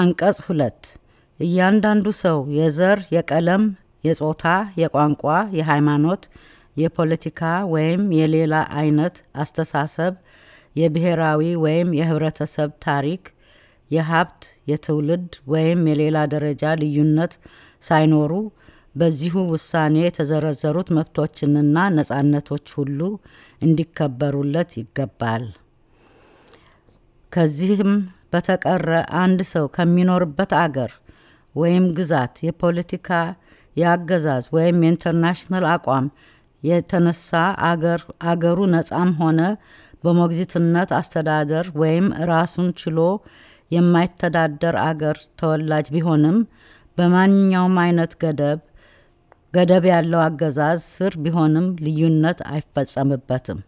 አንቀጽ ሁለት እያንዳንዱ ሰው የዘር፣ የቀለም፣ የጾታ፣ የቋንቋ፣ የሃይማኖት፣ የፖለቲካ ወይም የሌላ አይነት አስተሳሰብ፣ የብሔራዊ ወይም የህብረተሰብ ታሪክ፣ የሀብት፣ የትውልድ ወይም የሌላ ደረጃ ልዩነት ሳይኖሩ በዚሁ ውሳኔ የተዘረዘሩት መብቶችንና ነጻነቶች ሁሉ እንዲከበሩለት ይገባል። ከዚህም በተቀረ አንድ ሰው ከሚኖርበት አገር ወይም ግዛት የፖለቲካ የአገዛዝ ወይም የኢንተርናሽናል አቋም የተነሳ አገር አገሩ ነፃም ሆነ በሞግዚትነት አስተዳደር ወይም ራሱን ችሎ የማይተዳደር አገር ተወላጅ ቢሆንም በማንኛውም አይነት ገደብ ገደብ ያለው አገዛዝ ስር ቢሆንም ልዩነት አይፈጸምበትም።